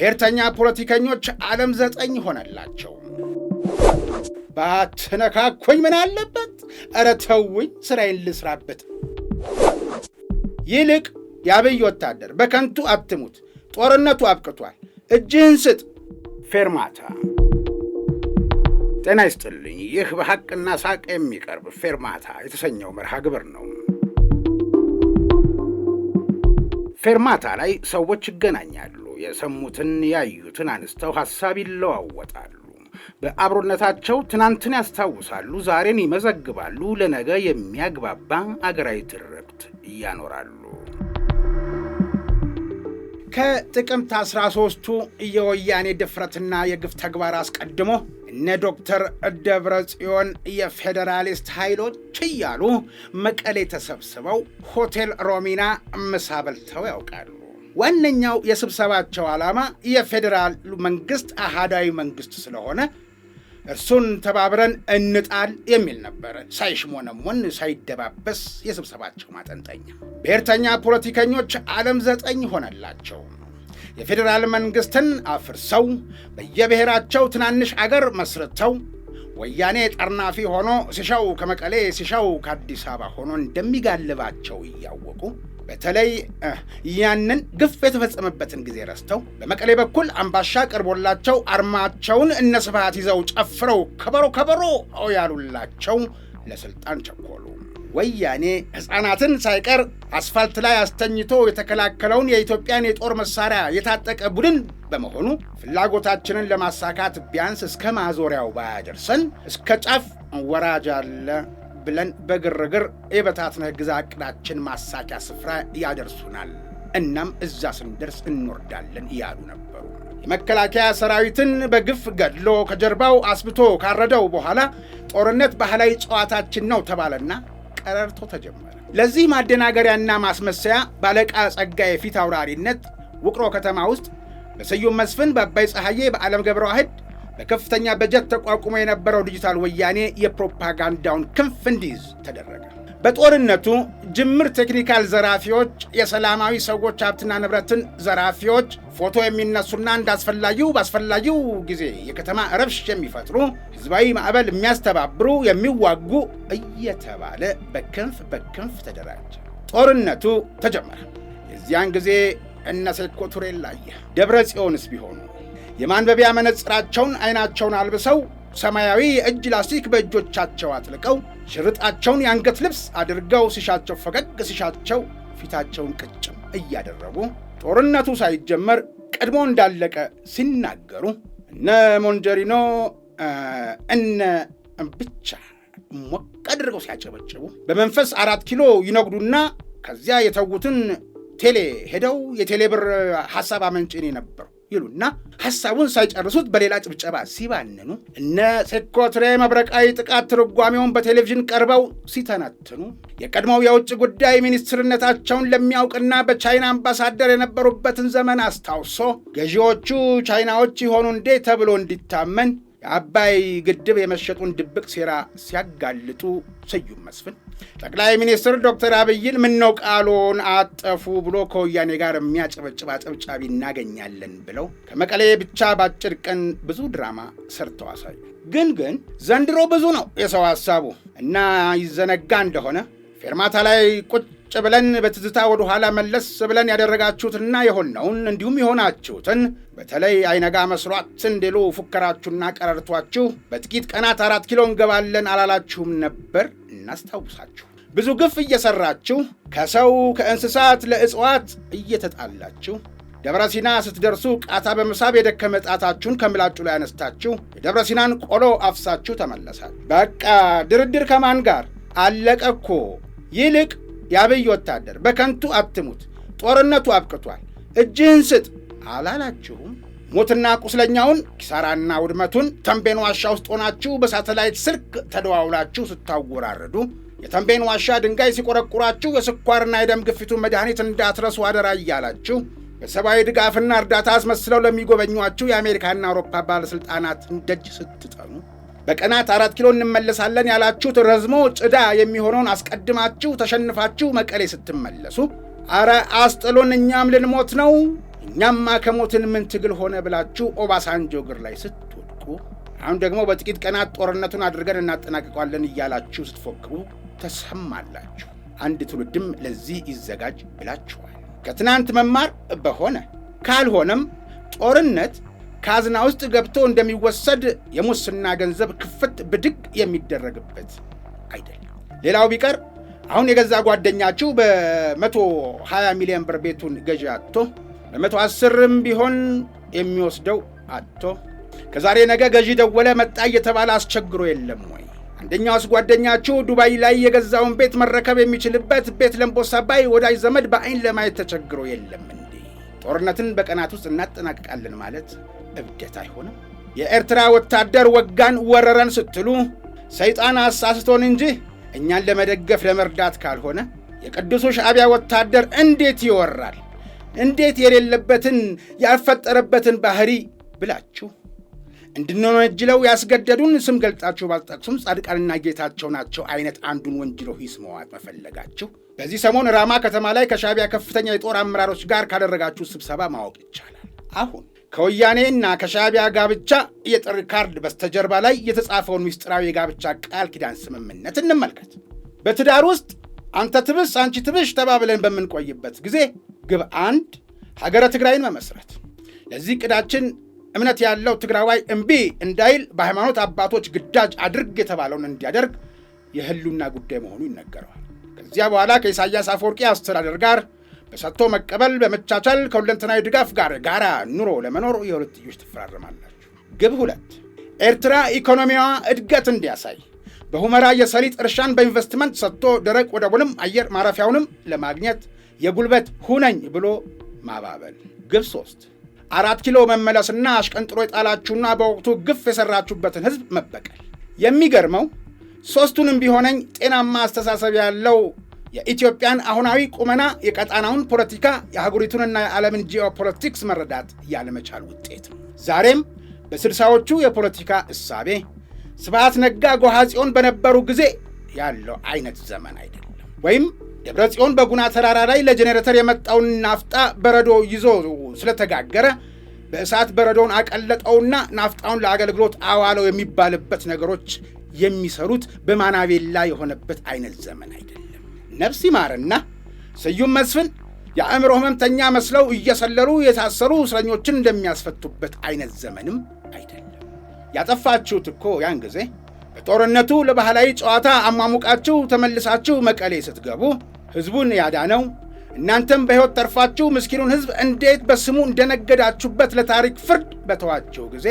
ብሔርተኛ ፖለቲከኞች ዓለም ዘጠኝ ሆነላቸው። ባትነካኩኝ ምን አለበት? እረ ተውኝ፣ ስራዬን ልስራበት። ይልቅ የአብይ ወታደር በከንቱ አትሙት፣ ጦርነቱ አብቅቷል፣ እጅህን ስጥ። ፌርማታ። ጤና ይስጥልኝ። ይህ በሐቅና ሳቅ የሚቀርብ ፌርማታ የተሰኘው መርሃ ግብር ነው። ፌርማታ ላይ ሰዎች ይገናኛሉ የሰሙትን ያዩትን አንስተው ሐሳብ ይለዋወጣሉ። በአብሮነታቸው ትናንትን ያስታውሳሉ፣ ዛሬን ይመዘግባሉ፣ ለነገ የሚያግባባ አገራዊ ትርክት እያኖራሉ። ከጥቅምት 13ቱ የወያኔ ድፍረትና የግፍ ተግባር አስቀድሞ እነ ዶክተር ደብረ ጽዮን የፌዴራሊስት ኃይሎች እያሉ መቀሌ ተሰብስበው ሆቴል ሮሚና ምሳ በልተው ያውቃሉ። ዋነኛው የስብሰባቸው ዓላማ የፌዴራል መንግስት አሃዳዊ መንግስት ስለሆነ እርሱን ተባብረን እንጣል የሚል ነበር። ሳይሽሞነሞን ሳይደባበስ የስብሰባቸው ማጠንጠኛ። ብሔርተኛ ፖለቲከኞች ዓለም ዘጠኝ ሆነላቸው። የፌዴራል መንግስትን አፍርሰው በየብሔራቸው ትናንሽ አገር መስርተው ወያኔ ጠርናፊ ሆኖ ሲሻው ከመቀሌ ሲሻው ከአዲስ አበባ ሆኖ እንደሚጋልባቸው እያወቁ በተለይ ያንን ግፍ የተፈጸመበትን ጊዜ ረስተው በመቀሌ በኩል አምባሻ ቀርቦላቸው አርማቸውን እነ ስብሃት ይዘው ጨፍረው ከበሮ ከበሮ ያሉላቸው ለስልጣን ቸኮሉ። ወያኔ ሕፃናትን ሳይቀር አስፋልት ላይ አስተኝቶ የተከላከለውን የኢትዮጵያን የጦር መሳሪያ የታጠቀ ቡድን በመሆኑ ፍላጎታችንን ለማሳካት ቢያንስ እስከ ማዞሪያው ባያደርሰን እስከ ጫፍ ወራጅ አለ ብለን በግርግር የበታትነ ግዛ ዕቅዳችን ማሳኪያ ስፍራ ያደርሱናል። እናም እዛ ስንደርስ እንወርዳለን እያሉ ነበሩ። የመከላከያ ሰራዊትን በግፍ ገድሎ ከጀርባው አስብቶ ካረደው በኋላ ጦርነት ባህላዊ ጨዋታችን ነው ተባለና ቀረርቶ ተጀመረ። ለዚህ ማደናገሪያና ማስመሰያ ባለቃ ጸጋ የፊት አውራሪነት ውቅሮ ከተማ ውስጥ በስዩም መስፍን፣ በአባይ ፀሐዬ፣ በዓለም ገብረ ዋህድ በከፍተኛ በጀት ተቋቁሞ የነበረው ዲጂታል ወያኔ የፕሮፓጋንዳውን ክንፍ እንዲይዝ ተደረገ። በጦርነቱ ጅምር ቴክኒካል ዘራፊዎች፣ የሰላማዊ ሰዎች ሀብትና ንብረትን ዘራፊዎች፣ ፎቶ የሚነሱና እንዳስፈላጊው በአስፈላጊው ጊዜ የከተማ ረብሽ የሚፈጥሩ፣ ህዝባዊ ማዕበል የሚያስተባብሩ፣ የሚዋጉ እየተባለ በክንፍ በክንፍ ተደራጀ። ጦርነቱ ተጀመረ። የዚያን ጊዜ እነ ሴኮ ደብረ ጽዮንስ ቢሆኑ የማንበቢያ መነጽራቸውን አይናቸውን አልብሰው ሰማያዊ የእጅ ላስቲክ በእጆቻቸው አጥልቀው ሽርጣቸውን የአንገት ልብስ አድርገው ሲሻቸው ፈገግ ሲሻቸው ፊታቸውን ቅጭም እያደረጉ ጦርነቱ ሳይጀመር ቀድሞ እንዳለቀ ሲናገሩ እነ ሞንጀሪኖ እነ ብቻ ሞቅ አድርገው ሲያጨበጭቡ በመንፈስ አራት ኪሎ ይነግዱና ከዚያ የተዉትን ቴሌ ሄደው የቴሌ ብር ሀሳብ ነበሩ ይሉና ሐሳቡን ሳይጨርሱት በሌላ ጭብጨባ ሲባንኑ እነ ሴኮትሬ መብረቃዊ ጥቃት ትርጓሜውን በቴሌቪዥን ቀርበው ሲተነትኑ የቀድሞው የውጭ ጉዳይ ሚኒስትርነታቸውን ለሚያውቅና በቻይና አምባሳደር የነበሩበትን ዘመን አስታውሶ ገዢዎቹ ቻይናዎች ይሆኑ እንዴ ተብሎ እንዲታመን የአባይ ግድብ የመሸጡን ድብቅ ሴራ ሲያጋልጡ ስዩም መስፍን ጠቅላይ ሚኒስትር ዶክተር አብይን ምነው ቃሎን አጠፉ ብሎ ከወያኔ ጋር የሚያጨበጭብ አጨብጫቢ እናገኛለን ብለው ከመቀሌ ብቻ በአጭር ቀን ብዙ ድራማ ሰርተው አሳዩ። ግን ግን ዘንድሮ ብዙ ነው የሰው ሀሳቡ እና ይዘነጋ እንደሆነ ፌርማታ ላይ ቁጭ ብለን በትዝታ ወደ ኋላ መለስ ብለን ያደረጋችሁትና የሆነውን እንዲሁም የሆናችሁትን በተለይ አይነጋ መስሯት እንዲሉ ፉከራችሁና ቀረርቷችሁ በጥቂት ቀናት አራት ኪሎ እንገባለን አላላችሁም ነበር? እናስታውሳችሁ። ብዙ ግፍ እየሰራችሁ ከሰው ከእንስሳት ለእጽዋት እየተጣላችሁ ደብረ ሲና ስትደርሱ ቃታ በመሳብ የደከመ ጣታችሁን ከምላጩ ላይ አነስታችሁ የደብረ ሲናን ቆሎ አፍሳችሁ ተመለሳችሁ። በቃ ድርድር ከማን ጋር አለቀ እኮ። ይልቅ የአብይ ወታደር በከንቱ አትሙት፣ ጦርነቱ አብቅቷል፣ እጅህን ስጥ አላላችሁም? ሞትና ቁስለኛውን ኪሳራና ውድመቱን ተንቤን ዋሻ ውስጥ ሆናችሁ በሳተላይት ስልክ ተደዋውላችሁ ስታወራረዱ፣ የተንቤን ዋሻ ድንጋይ ሲቆረቁራችሁ የስኳርና የደም ግፊቱን መድኃኒት እንዳትረሱ አደራ እያላችሁ የሰብአዊ ድጋፍና እርዳታ አስመስለው ለሚጎበኟችሁ የአሜሪካና አውሮፓ ባለሥልጣናት እንደጅ ስትጠኑ በቀናት አራት ኪሎ እንመለሳለን ያላችሁት ረዝሞ ጭዳ የሚሆነውን አስቀድማችሁ ተሸንፋችሁ መቀሌ ስትመለሱ አረ አስጥሎን እኛም ልንሞት ነው እኛማ ከሞትን ምን ትግል ሆነ ብላችሁ ኦባሳንጆ እግር ላይ ስትወድቁ፣ አሁን ደግሞ በጥቂት ቀናት ጦርነቱን አድርገን እናጠናቅቋለን እያላችሁ ስትፎክሩ ተሰማላችሁ። አንድ ትውልድም ለዚህ ይዘጋጅ ብላችኋል። ከትናንት መማር በሆነ ካልሆነም ጦርነት ካዝና ውስጥ ገብቶ እንደሚወሰድ የሙስና ገንዘብ ክፍት ብድግ የሚደረግበት አይደለም። ሌላው ቢቀር አሁን የገዛ ጓደኛችሁ በመቶ 120 ሚሊዮን ብር ቤቱን ገዢ አጥቶ በመቶ አስርም ቢሆን የሚወስደው አቶ ከዛሬ ነገ ገዢ ደወለ መጣ እየተባለ አስቸግሮ የለም ወይ? አንደኛውስ ጓደኛችሁ ዱባይ ላይ የገዛውን ቤት መረከብ የሚችልበት ቤት ለምቦሳ ባይ ወዳጅ ዘመድ በአይን ለማየት ተቸግሮ የለም እንዴ? ጦርነትን በቀናት ውስጥ እናጠናቅቃለን ማለት እብደት አይሆንም? የኤርትራ ወታደር ወጋን ወረረን ስትሉ ሰይጣን አሳስቶን እንጂ እኛን ለመደገፍ ለመርዳት ካልሆነ የቅዱሱ ሻዕቢያ ወታደር እንዴት ይወራል? እንዴት የሌለበትን ያልፈጠረበትን ባህሪ ብላችሁ እንድንወነጅለው ያስገደዱን ስም ገልጣችሁ ባልጠቅሱም ጻድቃንና ጌታቸው ናቸው አይነት አንዱን ወንጅሎ ሂስ መዋጥ መፈለጋችሁ በዚህ ሰሞን ራማ ከተማ ላይ ከሻቢያ ከፍተኛ የጦር አመራሮች ጋር ካደረጋችሁ ስብሰባ ማወቅ ይቻላል። አሁን ከወያኔና ከሻቢያ ጋብቻ የጥሪ ካርድ በስተጀርባ ላይ የተጻፈውን ምስጢራዊ የጋብቻ ቃል ኪዳን ስምምነት እንመልከት። በትዳር ውስጥ አንተ ትብስ አንቺ ትብሽ ተባብለን በምንቆይበት ጊዜ ግብ አንድ ሀገረ ትግራይን መመስረት። ለዚህ ቅዳችን እምነት ያለው ትግራዋይ እምቢ እንዳይል በሃይማኖት አባቶች ግዳጅ አድርግ የተባለውን እንዲያደርግ የህሉና ጉዳይ መሆኑ ይነገረዋል። ከዚያ በኋላ ከኢሳያስ አፈወርቂ አስተዳደር ጋር በሰጥቶ መቀበል በመቻቻል ከሁለንተናዊ ድጋፍ ጋር ጋራ ኑሮ ለመኖር የሁለትዮሽ ትፈራረማላችሁ። ግብ ሁለት ኤርትራ ኢኮኖሚዋ እድገት እንዲያሳይ በሁመራ የሰሊጥ እርሻን በኢንቨስትመንት ሰጥቶ ደረቅ ወደቡንም አየር ማረፊያውንም ለማግኘት የጉልበት ሁነኝ ብሎ ማባበል። ግብ ሶስት አራት ኪሎ መመለስና አሽቀንጥሮ የጣላችሁና በወቅቱ ግፍ የሰራችሁበትን ህዝብ መበቀል። የሚገርመው ሦስቱንም ቢሆነኝ ጤናማ አስተሳሰብ ያለው የኢትዮጵያን አሁናዊ ቁመና፣ የቀጣናውን ፖለቲካ፣ የአህጉሪቱንና የዓለምን ጂኦፖለቲክስ መረዳት ያለመቻል ውጤት ነው። ዛሬም በስልሳዎቹ የፖለቲካ እሳቤ ስብሐት ነጋ ጎሐጽዮን በነበሩ ጊዜ ያለው አይነት ዘመን አይደለም ወይም ደብረ ጽዮን በጉና ተራራ ላይ ለጄኔሬተር የመጣውን ናፍጣ በረዶ ይዞ ስለተጋገረ በእሳት በረዶውን አቀለጠውና ናፍጣውን ለአገልግሎት አዋለው የሚባልበት ነገሮች የሚሰሩት በማናቤላ የሆነበት አይነት ዘመን አይደለም። ነፍስ ይማርና ስዩም መስፍን የአእምሮ ህመምተኛ መስለው እየሰለሉ የታሰሩ እስረኞችን እንደሚያስፈቱበት አይነት ዘመንም አይደለም። ያጠፋችሁት እኮ ያን ጊዜ በጦርነቱ ለባህላዊ ጨዋታ አሟሙቃችሁ ተመልሳችሁ መቀሌ ስትገቡ ሕዝቡን ያዳነው እናንተም በሕይወት ተርፋችሁ ምስኪኑን ሕዝብ እንዴት በስሙ እንደነገዳችሁበት ለታሪክ ፍርድ በተዋቸው ጊዜ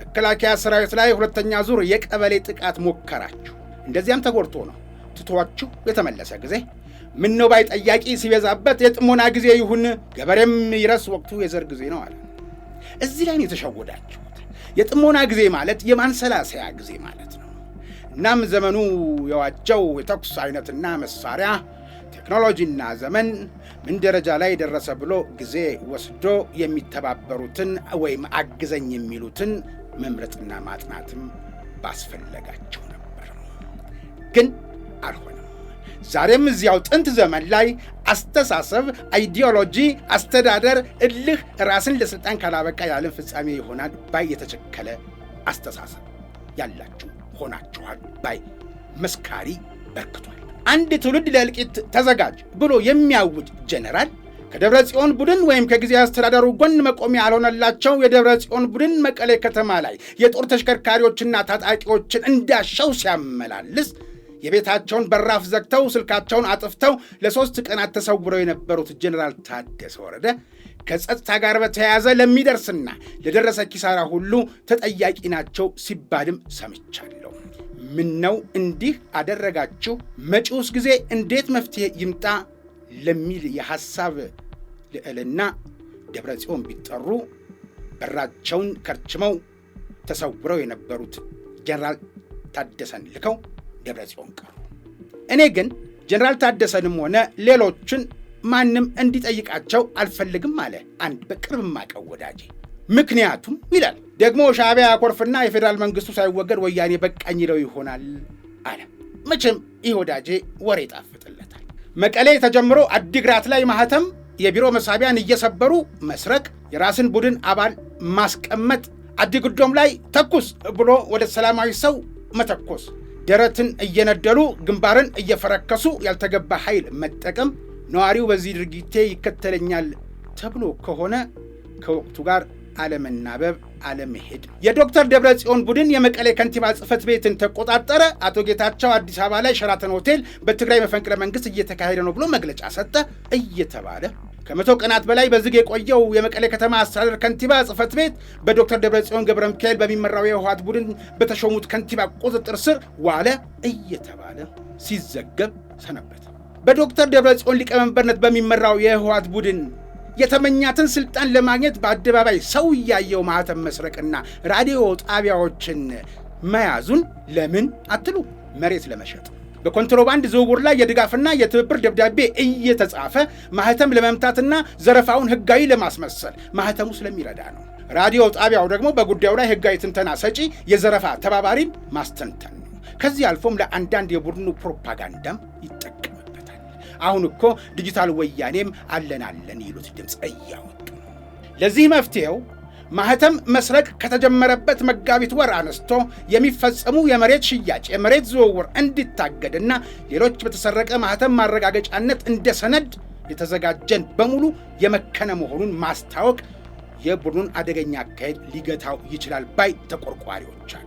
መከላከያ ሰራዊት ላይ ሁለተኛ ዙር የቀበሌ ጥቃት ሞከራችሁ። እንደዚያም ተጎድቶ ነው ትቷችሁ የተመለሰ ጊዜ ምነው ባይ ጠያቂ ሲበዛበት የጥሞና ጊዜ ይሁን ገበሬም ይረስ ወቅቱ የዘር ጊዜ ነው አለ። እዚህ ላይ ነው የተሸወዳችሁት። የጥሞና ጊዜ ማለት የማንሰላሰያ ጊዜ ማለት ነው። እናም ዘመኑ የዋጀው የተኩስ አይነትና መሳሪያ ቴክኖሎጂና ዘመን ምን ደረጃ ላይ ደረሰ ብሎ ጊዜ ወስዶ የሚተባበሩትን ወይም አግዘኝ የሚሉትን መምረጥና ማጥናትም ባስፈለጋቸው ነበር። ግን አልሆነም። ዛሬም እዚያው ጥንት ዘመን ላይ አስተሳሰብ፣ አይዲዮሎጂ፣ አስተዳደር፣ እልህ ራስን ለስልጣን ካላበቃ የዓለም ፍጻሜ ይሆናል ባይ የተቸከለ አስተሳሰብ ያላችሁ ሆናችኋል ባይ መስካሪ በርክቷል። አንድ ትውልድ ለእልቂት ተዘጋጅ ብሎ የሚያውጅ ጀነራል ከደብረ ጽዮን ቡድን ወይም ከጊዜ አስተዳደሩ ጎን መቆሚያ ያልሆነላቸው የደብረ ጽዮን ቡድን መቀሌ ከተማ ላይ የጦር ተሽከርካሪዎችና ታጣቂዎችን እንዳሻው ሲያመላልስ የቤታቸውን በራፍ ዘግተው ስልካቸውን አጥፍተው ለሶስት ቀናት ተሰውረው የነበሩት ጀኔራል ታደሰ ወረደ ከጸጥታ ጋር በተያያዘ ለሚደርስና ለደረሰ ኪሳራ ሁሉ ተጠያቂ ናቸው ሲባልም ሰምቻለሁ። ነው እንዲህ አደረጋችሁ፣ መጪውስ ጊዜ እንዴት መፍትሄ ይምጣ ለሚል የሐሳብ ልዕልና ደብረ ጽዮን ቢጠሩ በራቸውን ከርችመው ተሰውረው የነበሩት ጀነራል ታደሰን ልከው ደብረ ጽዮን ቀሩ። እኔ ግን ጀነራል ታደሰንም ሆነ ሌሎችን ማንም እንዲጠይቃቸው አልፈልግም አለ አንድ በቅርብ የማውቀው ወዳጄ። ምክንያቱም ይላል ደግሞ ሻቢያ ኮርፍና የፌዴራል መንግስቱ ሳይወገድ ወያኔ በቃኝ ይለው ይሆናል አለ። መቼም ይህ ወዳጄ ወሬ ይጣፍጥለታል። መቀሌ ተጀምሮ አዲግራት ላይ ማህተም፣ የቢሮ መሳቢያን እየሰበሩ መስረቅ፣ የራስን ቡድን አባል ማስቀመጥ፣ አዲግዶም ላይ ተኩስ ብሎ ወደ ሰላማዊ ሰው መተኮስ፣ ደረትን እየነደሉ ግንባርን እየፈረከሱ ያልተገባ ኃይል መጠቀም ነዋሪው በዚህ ድርጊቴ ይከተለኛል ተብሎ ከሆነ ከወቅቱ ጋር አለመናበብ አለመሄድ። የዶክተር ደብረ ጽዮን ቡድን የመቀሌ ከንቲባ ጽህፈት ቤትን ተቆጣጠረ። አቶ ጌታቸው አዲስ አበባ ላይ ሸራተን ሆቴል በትግራይ መፈንቅለ መንግስት እየተካሄደ ነው ብሎ መግለጫ ሰጠ እየተባለ ከመቶ ቀናት በላይ በዝግ የቆየው የመቀሌ ከተማ አስተዳደር ከንቲባ ጽህፈት ቤት በዶክተር ደብረጽዮን ገብረ ሚካኤል በሚመራው የህወሓት ቡድን በተሾሙት ከንቲባ ቁጥጥር ስር ዋለ እየተባለ ሲዘገብ ሰነበት። በዶክተር ደብረጽዮን ሊቀመንበርነት በሚመራው የህወሓት ቡድን የተመኛትን ስልጣን ለማግኘት በአደባባይ ሰው እያየው ማህተም መስረቅና ራዲዮ ጣቢያዎችን መያዙን ለምን አትሉ? መሬት ለመሸጥ በኮንትሮባንድ ዝውውር ላይ የድጋፍና የትብብር ደብዳቤ እየተጻፈ ማህተም ለመምታትና ዘረፋውን ህጋዊ ለማስመሰል ማህተሙ ስለሚረዳ ነው። ራዲዮ ጣቢያው ደግሞ በጉዳዩ ላይ ህጋዊ ትንተና ሰጪ፣ የዘረፋ ተባባሪን ማስተንተን ነው። ከዚህ አልፎም ለአንዳንድ የቡድኑ ፕሮፓጋንዳም ይጠ አሁን እኮ ዲጂታል ወያኔም አለናለን ይሉት ድምፅ እያወጡ ነው። ለዚህ መፍትሄው ማህተም መስረቅ ከተጀመረበት መጋቢት ወር አነስቶ የሚፈጸሙ የመሬት ሽያጭ፣ የመሬት ዝውውር እንዲታገድና ሌሎች በተሰረቀ ማህተም ማረጋገጫነት እንደ ሰነድ የተዘጋጀን በሙሉ የመከነ መሆኑን ማስታወቅ የቡድኑን አደገኛ አካሄድ ሊገታው ይችላል ባይ ተቆርቋሪዎች አሉ።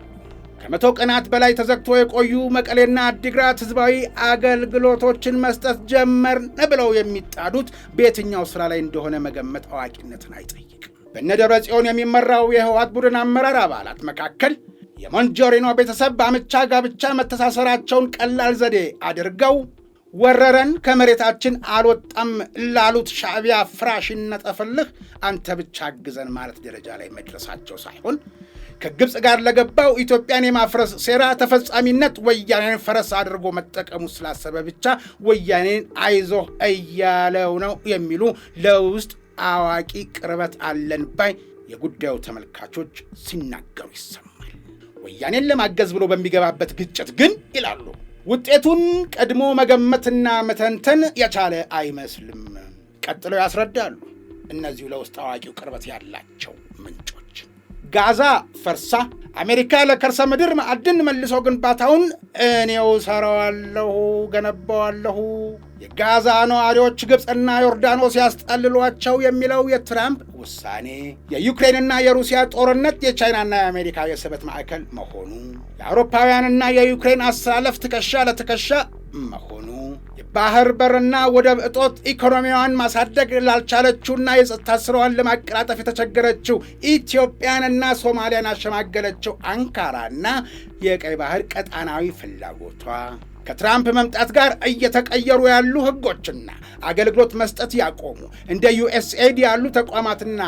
ከመቶ ቀናት በላይ ተዘግቶ የቆዩ መቀሌና አዲግራት ህዝባዊ አገልግሎቶችን መስጠት ጀመርን ብለው የሚጣዱት በየትኛው ስራ ላይ እንደሆነ መገመት አዋቂነትን አይጠይቅም። በነደረ ጽዮን የሚመራው የህወሓት ቡድን አመራር አባላት መካከል የሞንጆሪኖ ቤተሰብ በአምቻ ጋብቻ መተሳሰራቸውን ቀላል ዘዴ አድርገው ወረረን ከመሬታችን አልወጣም ላሉት ሻዕቢያ ፍራሽ እነጠፍልህ አንተ ብቻ አግዘን ማለት ደረጃ ላይ መድረሳቸው ሳይሆን ከግብፅ ጋር ለገባው ኢትዮጵያን የማፍረስ ሴራ ተፈጻሚነት ወያኔን ፈረስ አድርጎ መጠቀሙ ስላሰበ ብቻ ወያኔን አይዞህ እያለው ነው የሚሉ ለውስጥ አዋቂ ቅርበት አለን ባይ የጉዳዩ ተመልካቾች ሲናገሩ ይሰማል። ወያኔን ለማገዝ ብሎ በሚገባበት ግጭት ግን ይላሉ ውጤቱን ቀድሞ መገመትና መተንተን የቻለ አይመስልም። ቀጥለው ያስረዳሉ እነዚሁ ለውስጥ አዋቂው ቅርበት ያላቸው ጋዛ ፈርሳ አሜሪካ ለከርሰ ምድር ማዕድን መልሶ ግንባታውን እኔው ሰራዋለሁ፣ ገነባዋለሁ፣ የጋዛ ነዋሪዎች ግብፅና ዮርዳኖስ ያስጠልሏቸው የሚለው የትራምፕ ውሳኔ፣ የዩክሬንና የሩሲያ ጦርነት የቻይናና የአሜሪካ የስበት ማዕከል መሆኑ፣ የአውሮፓውያንና የዩክሬን አሰላለፍ ትከሻ ለትከሻ መሆኑ ባህር በርና ወደብ እጦት ኢኮኖሚዋን ማሳደግ ላልቻለችውና የጸጥታ ስራዋን ለማቀላጠፍ የተቸገረችው ኢትዮጵያንና ሶማሊያን አሸማገለችው አንካራና የቀይ ባህር ቀጣናዊ ፍላጎቷ ከትራምፕ መምጣት ጋር እየተቀየሩ ያሉ ህጎችና አገልግሎት መስጠት ያቆሙ እንደ ዩኤስኤድ ያሉ ተቋማትና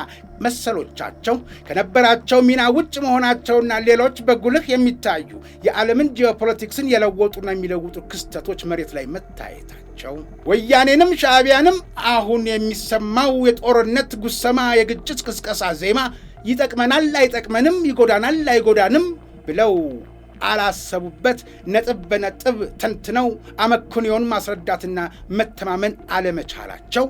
መሰሎቻቸው ከነበራቸው ሚና ውጭ መሆናቸውና ሌሎች በጉልህ የሚታዩ የዓለምን ጂኦፖለቲክስን የለወጡና የሚለውጡ ክስተቶች መሬት ላይ መታየታቸው ወያኔንም ሻዕቢያንም አሁን የሚሰማው የጦርነት ጉሰማ፣ የግጭት ቅስቀሳ ዜማ ይጠቅመናል አይጠቅመንም፣ ይጎዳናል አይጎዳንም ብለው አላሰቡበት ነጥብ በነጥብ ተንትነው አመክንዮን ማስረዳትና መተማመን አለመቻላቸው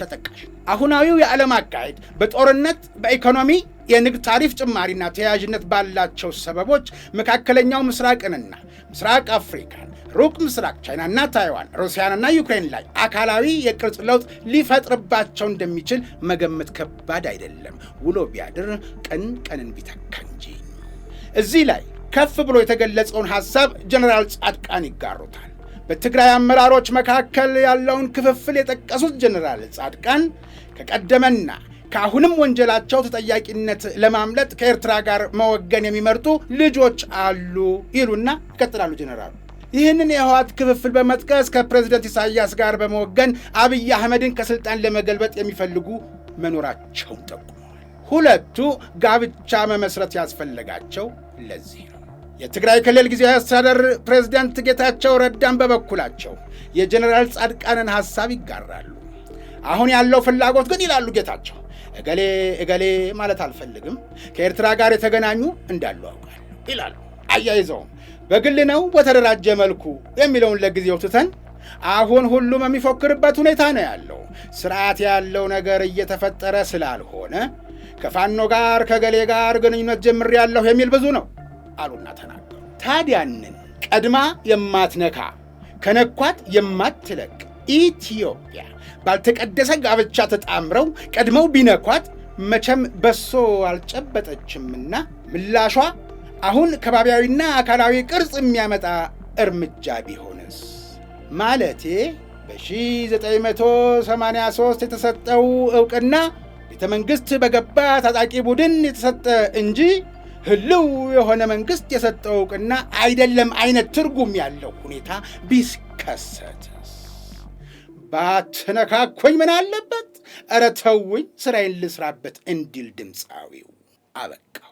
ተጠቃሽ። አሁናዊው የዓለም አካሄድ በጦርነት፣ በኢኮኖሚ፣ የንግድ ታሪፍ ጭማሪና ተያያዥነት ባላቸው ሰበቦች መካከለኛው ምስራቅንና ምስራቅ አፍሪካን፣ ሩቅ ምስራቅ ቻይናና ታይዋን፣ ሩሲያንና ዩክሬን ላይ አካላዊ የቅርጽ ለውጥ ሊፈጥርባቸው እንደሚችል መገመት ከባድ አይደለም። ውሎ ቢያድር ቀን ቀንን ቢተካ እንጂ እዚህ ላይ ከፍ ብሎ የተገለጸውን ሐሳብ ጀነራል ጻድቃን ይጋሩታል። በትግራይ አመራሮች መካከል ያለውን ክፍፍል የጠቀሱት ጀነራል ጻድቃን ከቀደመና ከአሁንም ወንጀላቸው ተጠያቂነት ለማምለጥ ከኤርትራ ጋር መወገን የሚመርጡ ልጆች አሉ ይሉና ይቀጥላሉ ጀነራሉ። ይህንን የህወሓት ክፍፍል በመጥቀስ ከፕሬዝደንት ኢሳያስ ጋር በመወገን አብይ አህመድን ከስልጣን ለመገልበጥ የሚፈልጉ መኖራቸውን ጠቁመዋል። ሁለቱ ጋብቻ መመስረት ያስፈለጋቸው ለዚህ የትግራይ ክልል ጊዜያዊ አስተዳደር ፕሬዝዳንት ጌታቸው ረዳን በበኩላቸው የጀኔራል ጻድቃንን ሐሳብ ይጋራሉ። አሁን ያለው ፍላጎት ግን ይላሉ ጌታቸው፣ እገሌ እገሌ ማለት አልፈልግም፣ ከኤርትራ ጋር የተገናኙ እንዳሉ አውቃል ይላሉ። አያይዘውም በግል ነው በተደራጀ መልኩ የሚለውን ለጊዜው ትተን አሁን ሁሉም የሚፎክርበት ሁኔታ ነው ያለው። ስርዓት ያለው ነገር እየተፈጠረ ስላልሆነ ከፋኖ ጋር ከገሌ ጋር ግንኙነት ጀምሬያለሁ የሚል ብዙ ነው። አሉና ተናገሩ። ታዲያንን ቀድማ የማትነካ ከነኳት የማትለቅ ኢትዮጵያ ባልተቀደሰ ጋብቻ ተጣምረው ቀድመው ቢነኳት መቼም በሶ አልጨበጠችምና ምላሿ አሁን ከባቢያዊና አካላዊ ቅርጽ የሚያመጣ እርምጃ ቢሆንስ ማለቴ በ1983 የተሰጠው ዕውቅና ቤተ መንግሥት በገባ ታጣቂ ቡድን የተሰጠ እንጂ ህልው የሆነ መንግስት የሰጠው እውቅና አይደለም አይነት ትርጉም ያለው ሁኔታ ቢስከሰትስ? ባትነካኮኝ ምን አለበት፣ እረ ተውኝ፣ ስራዬን ልስራበት እንዲል ድምፃዊው አበቃ።